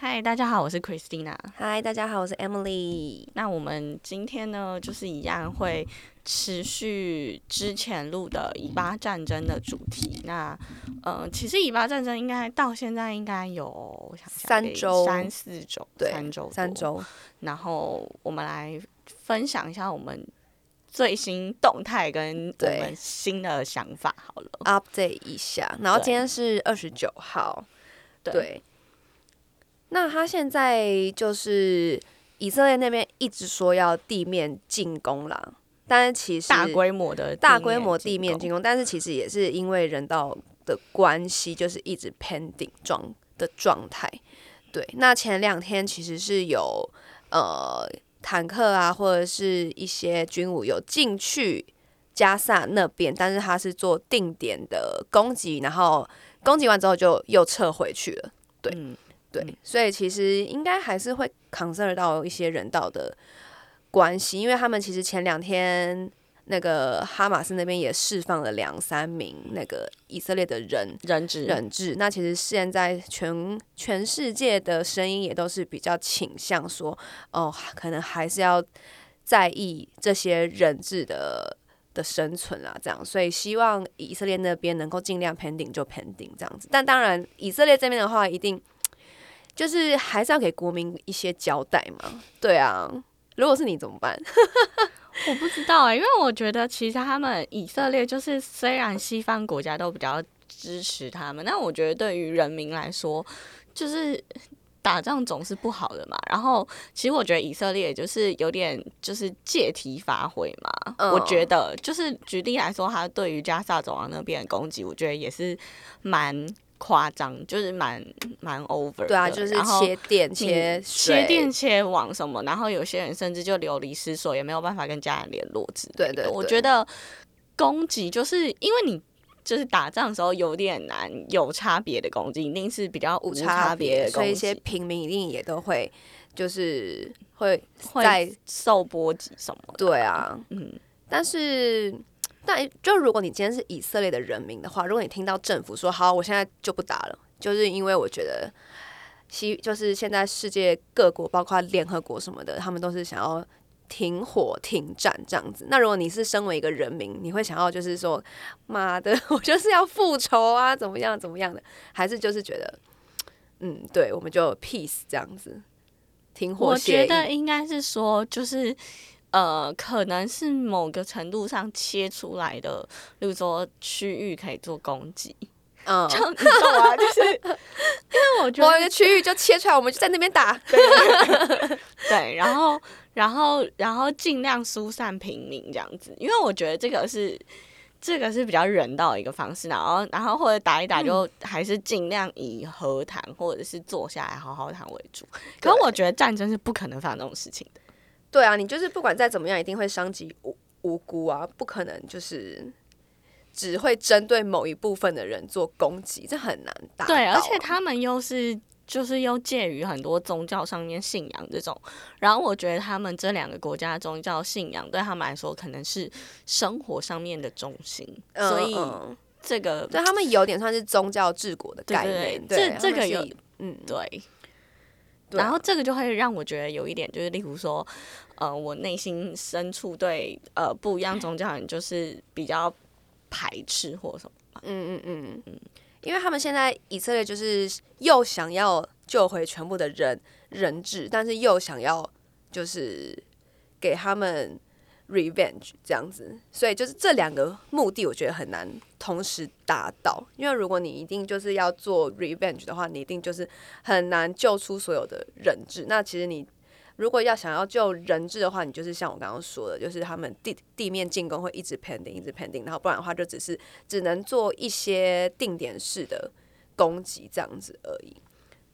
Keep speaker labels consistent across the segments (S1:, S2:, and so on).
S1: 嗨，大家好，我是 Christina。嗨，大家好，我是 Emily。那我們今天呢，就是一樣會持續之前錄的以巴戰爭的主題。那嗯、呃，其實以巴戰爭應該到現在應該有想想三，三周、三四周、對，三周、三周。然後我們來分享一下我們最新動態跟我們新的想
S2: 法，好了，update 一下。然後今天是二十九號，對。對對那他現在就是以色列那邊一直說要地面進攻啦，但是其實大規模的大規模地面進攻，但是其實也是因為人道的關係，就是一直 pending 的狀態。對，那前兩天其實是有呃坦克啊或者是一些軍武有進去加薩那邊，但是他是做定點的攻擊，然後攻擊完之後就又撤回去了。對、嗯。對，所以其實應該還是會 concern 到一些人道的關係，因為他們其實前兩天那個哈馬斯那邊也釋放了兩三名那個以色列的人人質人質。那其實現在全全世界的聲音也都是比較傾向說，哦，可能還是要在意這些人質的的生存啦，這樣。所以希望以色列那邊能夠盡量 pending 就 pending 這樣子。但當然，以色列這邊的話，一定。就是還是要給國民一些交代嘛，對啊。如果是你怎麼辦？
S1: 我不知
S2: 道哎、欸，因為我覺得
S1: 其實他們以色
S2: 列就是雖然
S1: 西方國家都比較支持他們，但我覺得對於人民來說，就是打仗總是不好的嘛。然後其實我覺得以色列就是有點就是借題發揮嘛、嗯。我覺得就是舉例來說，他對於加沙走廊那邊的攻擊，我覺得也是蠻。誇張，就是蠻蠻 over 的，對啊，就是切電切切電切網什麼，然後有些人甚至就流離失所，也沒有辦法跟家人聯絡之類的。對對、對，我覺得攻擊就是因為你就是打仗的時候有點難，有差別的攻擊一定是比較無差別的攻擊，所以一些
S2: 平民一定也都會就是會會受波及什麼。對啊，嗯，但是。那就如果你今天是以色列的人民的話，如果你聽到政府說“好，我現在就不打了”，就是因為我覺得西就是現在世界各國，包括聯合國什麼的，他們都是想要停火、停戰這樣子。那如果你是身為一個人民，你會想要就是說“媽的，我就是要復仇啊”怎麼樣、怎麼樣的，還是就是覺得嗯，對，我們就 peace 這樣子停火。我覺得應該是說就是。
S1: 呃，可能是某個程度上切出來的，比如說區域可以做攻擊，嗯，
S2: 這樣子做啊， 就是因為我我覺得區域就切出來，我們就在那邊打
S1: 對，對，然後
S2: 然後然
S1: 後盡量疏散平民這樣子，因為我覺得這個是這個是比較人道的一個方式，然後然後或者打一打就還是盡量以和談、嗯、或者是坐下來好好談為主，可是我覺得戰爭是不可能發生這種事情的。
S2: 對啊，你就是不管再怎麼樣，一定會傷及無無辜啊！不可能就是只會針對某一部分的人做攻擊，這很難打、啊。對，
S1: 而且他們又是就是又介於很多宗教上面信仰這種，然後我覺得他們這兩個國家宗教信仰對他們來說可能是生活上面的中心，嗯、所以、嗯、這個對他們有
S2: 點算是宗教治國的概念。對，對，對，對，這，對是這個有，
S1: 嗯，對。啊、然後這個就會讓我覺得有一點，就是例如說，呃，我內心深處對呃不一樣宗教人就是比較排斥或什麼
S2: 吧。嗯嗯嗯嗯，因為他們現在以色列就是又想要救回全部的人人質，但是又想要就是給他們。Revenge 這樣子，所以就是這兩個目的，我覺得很難同時達到。因為如果你一定就是要做 Revenge 的話，你一定就是很難救出所有的人質。那其實你如果要想要救人質的話，你就是像我剛剛說的，就是他們地地面進攻會一直 pending，一直 pending，然後不然的話就只是只能做一些定點式的攻擊，這樣子而已。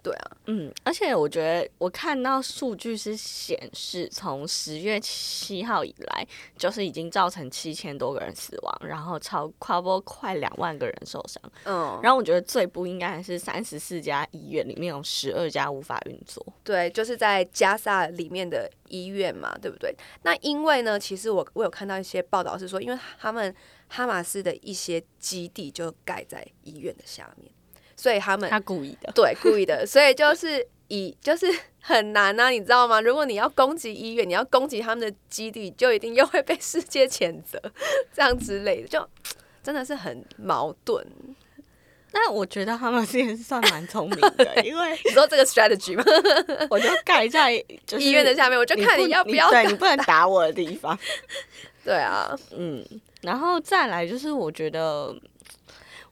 S2: 對啊，
S1: 嗯，而且我覺得我看到數據是顯示，從十月七號以來，就是已經造成七千多個人死亡，然後超跨過快兩萬個人受傷。嗯，然後我覺得最不應該還是三十四家醫院裡面有十二家無法運作。
S2: 對，就是在加薩裡面的醫院嘛，對不對？那因為呢，其實我我有看到一些報道是說，因為他們哈馬斯的一些基地就蓋在醫院的下面。所以他們他故意的，對，故意的。所以就是以，就是很難啊，你知道嗎？如果你要攻擊醫院，你要攻擊他們的基地，就一定又會被世界譴責，這樣之類的，就真的是很
S1: 矛盾。但我覺得他們其實算蠻聰明的， okay,
S2: 因為你說這個 strategy 嗎
S1: 我就蓋在、就是、醫院的下面，我就看你要不要你，你不能打我的地方。 對啊，嗯，然後再來就是，我覺得，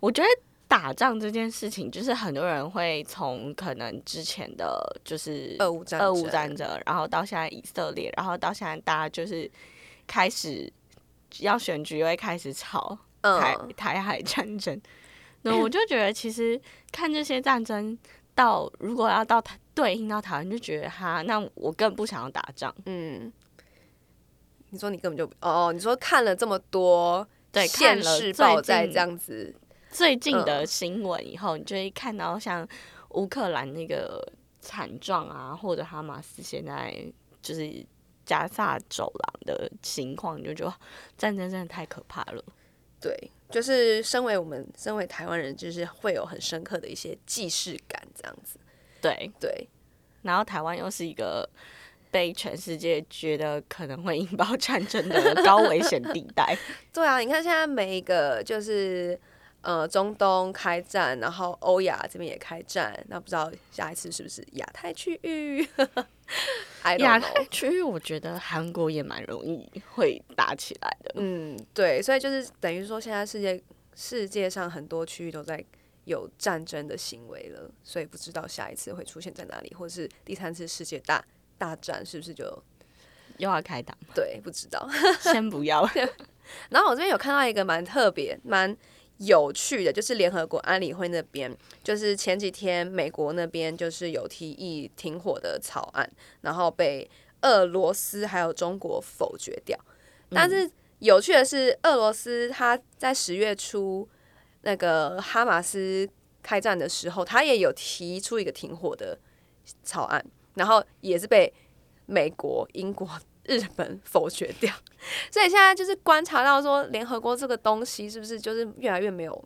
S1: 我覺得。打仗這件事情，就是很多人會從可能之前的，就是俄烏俄烏戰爭，然後到現在以色列，然後到現在大家就是開始要選舉，又會開始吵台、呃、台海戰爭、呃。
S2: 那我就
S1: 覺得，其實看這些戰爭，到如果要到台，對應到台灣，就覺得哈，那我更不想要打仗。
S2: 嗯，你說你根本就哦，你說看了這麼多對看，實報在這樣
S1: 子。最近的新聞以後，嗯，你就會看到像烏克蘭那個慘狀啊，或者哈馬斯現在就是加薩走廊的情況，你就覺得戰爭真的太可怕了。對，
S2: 就是身為我們身為台灣人，就是會有很深刻的一些既視感這樣子。
S1: 對對，然後台灣又是一個被全世界覺得可能會引爆戰爭的高危險地帶。
S2: 對啊，你看現在每一個就是。呃，中東開戰，然後歐亞這邊也開戰，那不知道下一次是不是亞太區域？亞 太
S1: 區域，我覺得韓國也
S2: 蠻容易會打起來的。嗯，對，所以就是等於說，現在世界世界上很多區域都在有戰爭的行為了，所以不知道下一次會出現在哪裡，或是第三次世界大大戰是不是就又要開打？對，不知道， 先不要。 然後我這邊有看到一個蠻特別、蠻。有趣的，就是聯合國安理會那邊，就是前幾天美國那邊就是有提議停火的草案，然後被俄羅斯還有中國否決掉。但是有趣的是，俄羅斯他在十月初那個哈馬斯開戰的時候，他也有提出一個停火的草案，然後也是被美國、英國。日本否決掉，所以現在就是觀察到說，聯合國這個東西是不是就是越來越沒有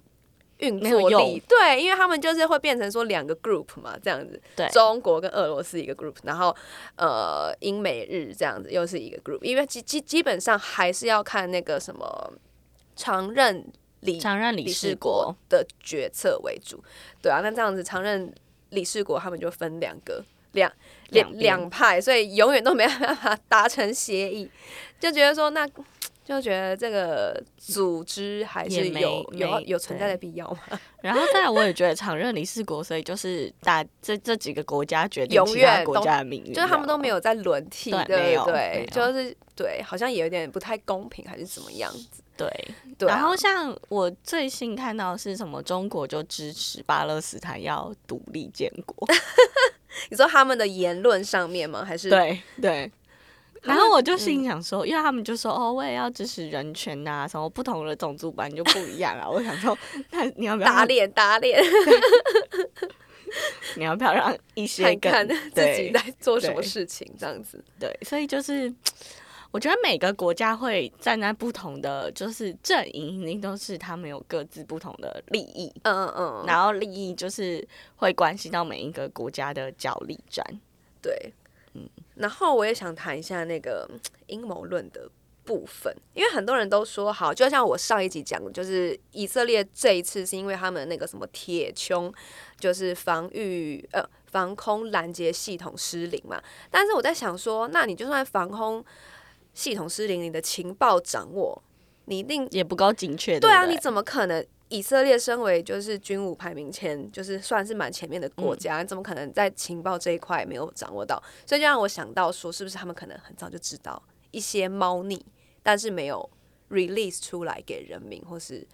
S2: 運作力？對，因為他們就是會變成說兩個 group 嘛，這樣子，對，中國跟俄羅斯一個 group，然後呃，英美日這樣子又是一個 group，因為基基基本上還是要看那個什麼常任理常任理事國的決策為主。對啊，那這樣子常任理事國他們就分兩個。兩兩兩派，所以永遠都沒辦法達成協議，就覺得說那就覺得這個組織還是有沒有沒有，有存在的必要嗎？
S1: 然後再來，我也覺得常任理事國， 所以就是打這這幾個國家決定其他國家的命運，就是他們都
S2: 沒有在輪替，對對、對、對，就是對，好像也有點不太公平，還是怎麼樣？對對、啊。然後像我最
S1: 近看到的是什麼，中國就支持巴勒斯坦要獨立建國。
S2: 他們的言論上面嗎？還是對對。
S1: 然後我就心想說，因為他們就說、嗯、哦，我也要支持人權吶、啊，什麼不同的種族吧，你就不一樣了。 我想說，那你要不要打
S2: 臉打臉？
S1: 你要不要讓一些看自己在做什麼事
S2: 情這樣子？對，
S1: 對，所以就是。我覺得每個國家會站在不同的就是陣營，一定都是他們有各自不同的利益。嗯嗯嗯。然後利益就是會關係到每一個國家的
S2: 角力戰。對，嗯。然後我也想談一下那個陰謀論的部分，因為很多人都說好，就像我上一集講，就是以色列這一次是因為他們那個什麼鐵穹，就是防禦呃防空攔截系統失靈嘛。但是我在想說，那你就算防空系統失靈，你的情報掌握你一定也不夠準確。對啊對對，你怎麼可能？以色列身為就是軍武排名前，就是算是蠻前面的國家，嗯、怎麼可能在情報這一塊沒有掌握到？所以就讓我想到說，是不是他們可能很早就知道一些貓膩，但是沒有 release 出來給人民，或是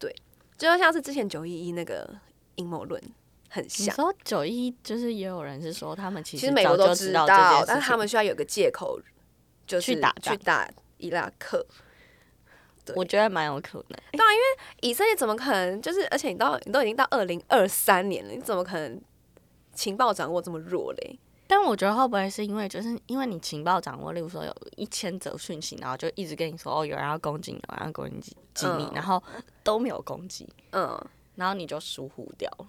S2: 對，就像是之前九一一那個陰謀論很像。你說九一一，就是也有人是說他們其實,早就其實美國都知道，但是他們需要有個借口。就是、去打，打去打伊拉克，我覺得蠻有可能。對啊，因為以色列怎麼可能？就是而且你到你都已經到二零二三年了，你怎麼可能情報掌握這麼弱嘞？
S1: 但我覺得會不會是因為就是因為你情報掌握，例如說有一千則訊息，然後就一直跟你說哦，有人要攻擊，有人要攻擊你，然後都沒有攻
S2: 擊，嗯，然後你就疏忽掉了。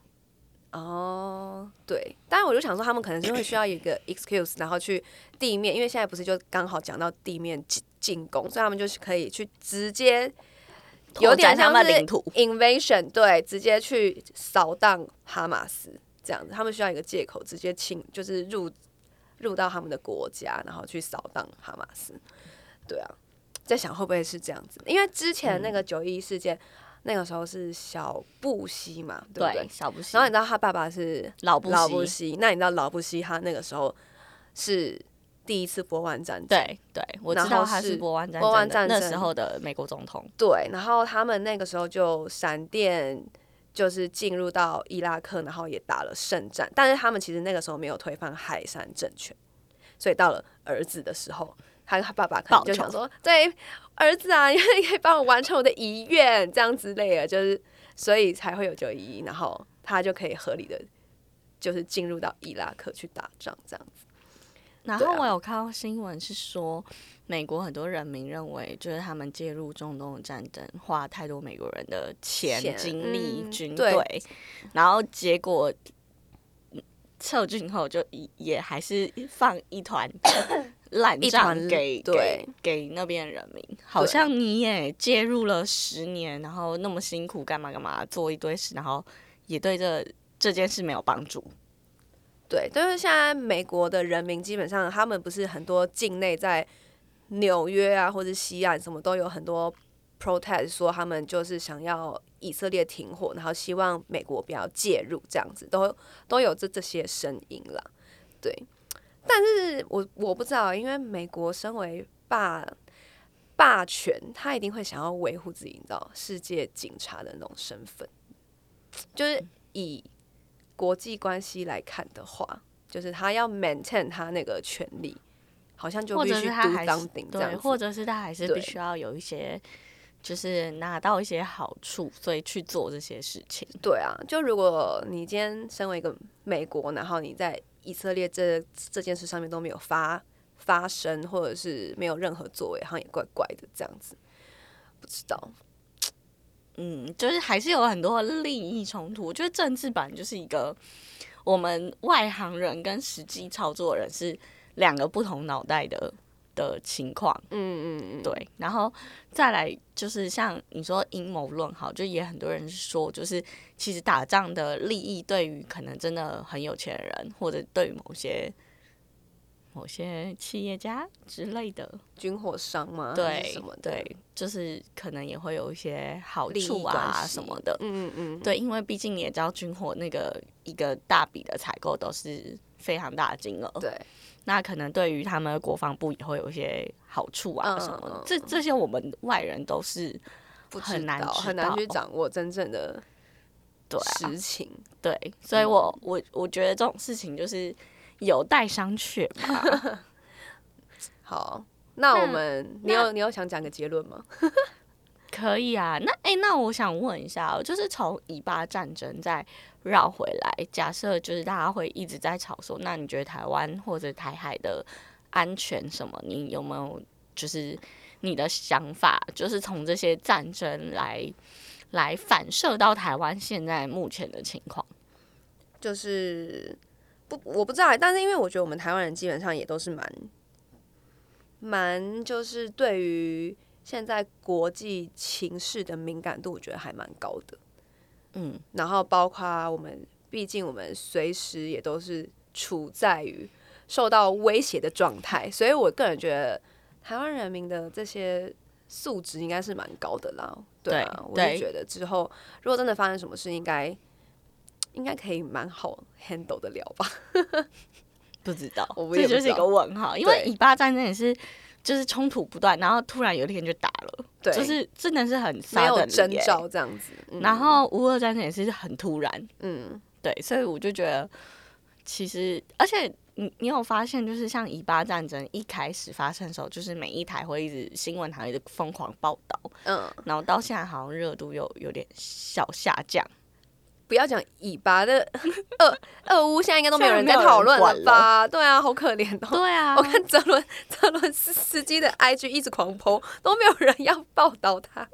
S2: 哦，oh，對，但是我就想說，他們可能就會需要一個 excuse， 然後去地面，因為現在不是就剛好講到地面進進攻，所以他們就是可以去直接，
S1: 有點像是
S2: invasion，對，直接去掃蕩哈馬斯這樣子，他們需要一個借口，直接侵就是入入到他們的國家，然後去掃蕩哈馬斯，對啊，在想會不會是這樣子，因為之前那個九一一事件。嗯那個時候是小布希嘛，對不對，對？小布希。然後你知道他爸爸是老布希老布希。那你知道老布希他那個時候是第一次波灣戰爭？對對，然後他是波灣戰爭那時候的美國總統。對，然後他們那個時候就閃電就是進入到伊拉克，然後也打了勝仗，但是他們其實那個時候沒有推翻海珊政權，所以到了兒子的時候。他他爸爸可能就想說：“對，兒子啊，你你可以幫我完成我的遺願，這樣之類的，就是所以才會有九一一，然後他就可以合理的，就是進入到伊拉克去打仗這樣子。
S1: 然後我有看到新聞是說、啊，美國很多人民認為，就是他們介入中東的戰爭花太多美國人的錢、精力軍、軍隊、嗯，然後結果撤軍後就也也還是放一團。 ”爛賬給一團，對給，給那邊人民，好像你也介入了十年，然後那麼辛苦幹嘛幹嘛做一堆事，然後也對這這件事沒有幫助。
S2: 對，但、就是現在美國的人民基本上，他們不是很多境內在紐約啊，或者西岸什麼都有很多 protest，說他們就是想要以色列停火，然後希望美國不要介入這樣子，都都有這這些聲音了，對。但是我我不知道，因為美國身為霸霸權，他一定會想要維護自己，的世界警察的那種身份，就是以國際關係來看的話，就是他要 maintain 他那個權利，好像就必須 do something 這樣子，對，或
S1: 者是他還是必須要有一些，就是拿到一些好處，所以去
S2: 做這些事情。對啊，就如果你今天身為一個美國，然後你在。以色列這這件事上面都沒有發發生，或者是沒有任何作為，好像也怪怪的這樣子，不知道。嗯，就是還
S1: 是有很多利益衝突。我覺得政治版就是一個我們外行人跟實際操作人是兩個不同腦袋的。的情況，嗯嗯嗯，對，然後再來就是像你說陰謀論好，就也很多人說，就是其實打仗的利益對於可能真的很有錢的人，或者對於某些某些企業家之類的軍火
S2: 商嘛，對，什麼對，
S1: 就是可能也會有一些好處啊什麼
S2: 的，嗯嗯對，因
S1: 為畢竟你也知道軍火那個一個大筆的採購都是非常大的金額，對。那可能對於他們的國防部也會有一些好處啊什麼的，嗯，嗯，這這些我們外人都是很難知道，不知道，很難去掌握真正的
S2: 對實情。
S1: 對啊，對，嗯，所以我我我覺得這種事情就是有待商榷吧。
S2: 好，
S1: 那我們
S2: 那你有你有想講個結論嗎？
S1: 可以啊，那哎，那我想問一下，就是從以巴戰爭在。繞回來，假設就是大家會一直在吵說，說那你覺得台灣或者台海的安全什麼？你有沒有就是你的想法？就是從這些戰爭來來反射到台灣現在目前的情況，
S2: 就是不，我不知道欸，但是因為我覺得我們台灣人基本上也都是蠻蠻，就是對於現在國際情勢的敏感度，我覺得還蠻高的。嗯，然後包括我們，畢竟我們隨時也都是處在於受到威脅的狀態，所以我個人覺得台灣人民的這些素質應該是蠻高的啦。對啊，我就覺得之後如果真的發生什麼事，應該應該可以蠻好 handle 的了吧？ 不知道，我不知道這就是一個問號，因為以
S1: 巴戰爭也是。就是衝突不斷，然後突然有一天就打了，對，就是真的是很、欸、沒有徵兆這
S2: 樣子。嗯、然
S1: 後烏俄戰爭也是很突然，嗯，對，所以我就覺得其實，而且你你有發現，就是像以巴戰爭一開始發生的時候，就是每一台會一直新聞台一直瘋狂報道，嗯，然後到現在好像熱度又有點小下降。不要講以
S2: 巴的二二屋，現在應該都沒有人在討論了吧？了對啊，好可憐哦。對啊，我看澤倫澤倫斯斯基的 IG 一直狂 po，都沒有人要報道他。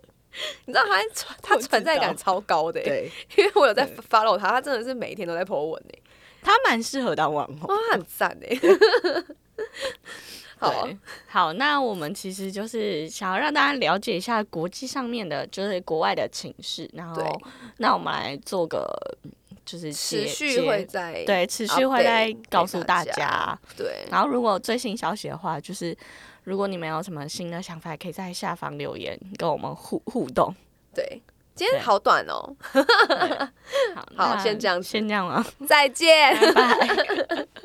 S2: 你知道他他存在感超高的、欸，對，因為我有在 follow 他，他真的是每一天都在 PO 文呢、欸。他蠻適合
S1: 當網紅，哇，很讚呢。 好，哦、好，那我們其實就是想要讓大家了解一下國際上面的，就是國外的情勢，然後，那我們來做個，嗯、就是持續會在，對，持續會在、啊、告訴大家，對。然後，如果最新消息的話，就是如果你們有什麼新的想法，可以在下方留言跟我們互互動對。
S2: 對，今天好短哦。 好，先這樣先這樣了，再見，拜 Bye, bye。